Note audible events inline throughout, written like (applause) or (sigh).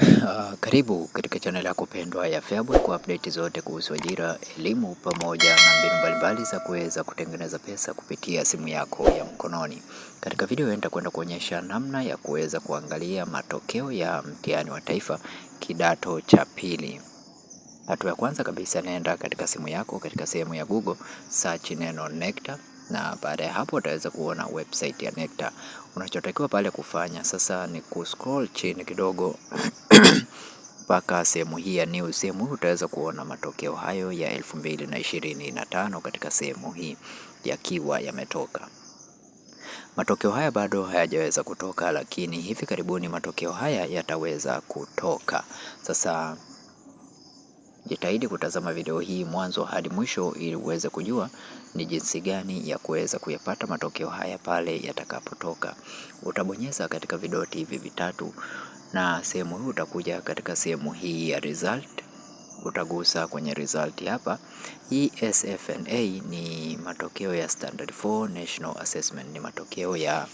Uh, karibu katika channel yako pendwa ya Feaboy kwa update zote kuhusu ajira, elimu pamoja na mbinu mbalimbali za kuweza kutengeneza pesa kupitia simu yako ya mkononi. Katika video nitakwenda kuonyesha namna ya kuweza kuangalia matokeo ya mtihani wa taifa kidato cha pili. Hatua ya kwanza kabisa, naenda katika simu yako, katika sehemu ya Google, search neno NECTA na baada ya hapo utaweza kuona website ya NECTA. Unachotakiwa pale kufanya sasa ni kuscroll chini kidogo (clears throat) mpaka sehemu hii ya news. Sehemu hii utaweza kuona matokeo hayo ya elfu mbili na ishirini na tano katika sehemu hii yakiwa yametoka. Matokeo haya bado hayajaweza kutoka, lakini hivi karibuni matokeo haya yataweza kutoka sasa. Jitahidi kutazama video hii mwanzo hadi mwisho ili uweze kujua ni jinsi gani ya kuweza kuyapata matokeo haya pale yatakapotoka. Utabonyeza katika vidoti hivi vitatu na sehemu hii utakuja katika sehemu hii ya result. Utagusa kwenye result hapa. Hii e SFNA ni matokeo ya standard 4 national assessment, ni matokeo ya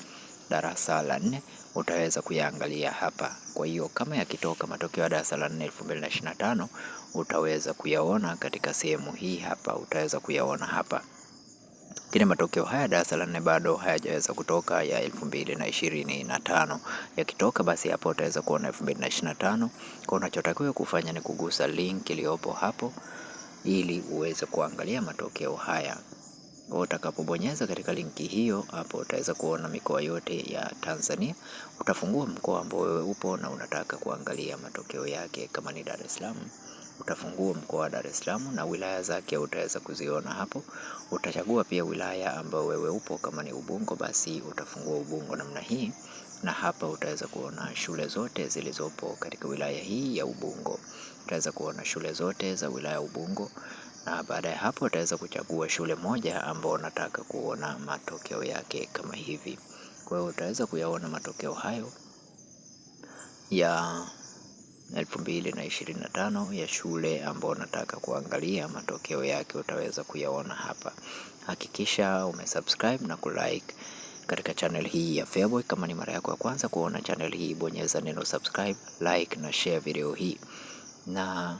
darasa la nne utaweza kuyaangalia hapa. Kwa hiyo kama yakitoka matokeo ya darasa la 4 2025 utaweza kuyaona katika sehemu hii hapa, utaweza kuyaona hapa. Lakini matokeo haya darasa la nne bado hayajaweza kutoka ya elfu mbili na ishirini na tano. Yakitoka basi hapo utaweza kuona elfu mbili na ishirini na tano. Kwa unachotakiwa kufanya ni kugusa link iliyopo hapo ili uweze kuangalia matokeo haya. Utakapobonyeza katika linki hiyo, hapo utaweza kuona mikoa yote ya Tanzania. Utafungua mkoa ambao wewe upo na unataka kuangalia matokeo yake. Kama ni Dar es Salaam, utafungua mkoa wa Dar es Salaam na wilaya zake utaweza kuziona hapo. Utachagua pia wilaya ambayo wewe upo. Kama ni Ubungo, basi utafungua Ubungo namna hii, na hapa utaweza kuona shule zote zilizopo katika wilaya hii ya Ubungo. Utaweza kuona shule zote za wilaya Ubungo na baada ya hapo utaweza kuchagua shule moja ambayo unataka kuona matokeo yake kama hivi. Kwa hiyo utaweza kuyaona matokeo hayo ya elfu mbili na ishirini na tano ya shule ambayo unataka kuangalia matokeo yake, utaweza kuyaona hapa. Hakikisha umesubscribe na kulike katika channel hii ya Feaboy. Kama ni mara yako ya kwanza kuona channel hii, bonyeza neno subscribe, like na share video hii na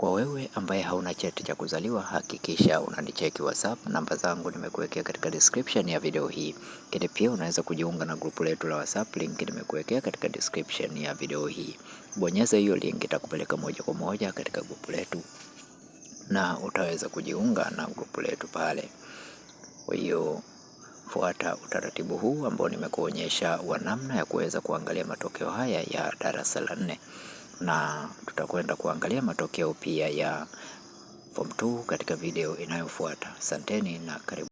kwa wewe ambaye hauna cheti cha kuzaliwa, hakikisha unanicheki WhatsApp. Namba zangu nimekuwekea katika description ya video hii, lakini pia unaweza kujiunga na grupu letu la WhatsApp, link nimekuwekea katika description ya video hii. Bonyeza hiyo link, itakupeleka moja kwa moja katika grupu letu na utaweza kujiunga na grupu letu pale. Kwa hiyo fuata utaratibu huu ambao nimekuonyesha wa namna ya kuweza kuangalia matokeo haya ya darasa la nne na tutakwenda kuangalia matokeo pia ya form 2 katika video inayofuata. Asanteni na karibu.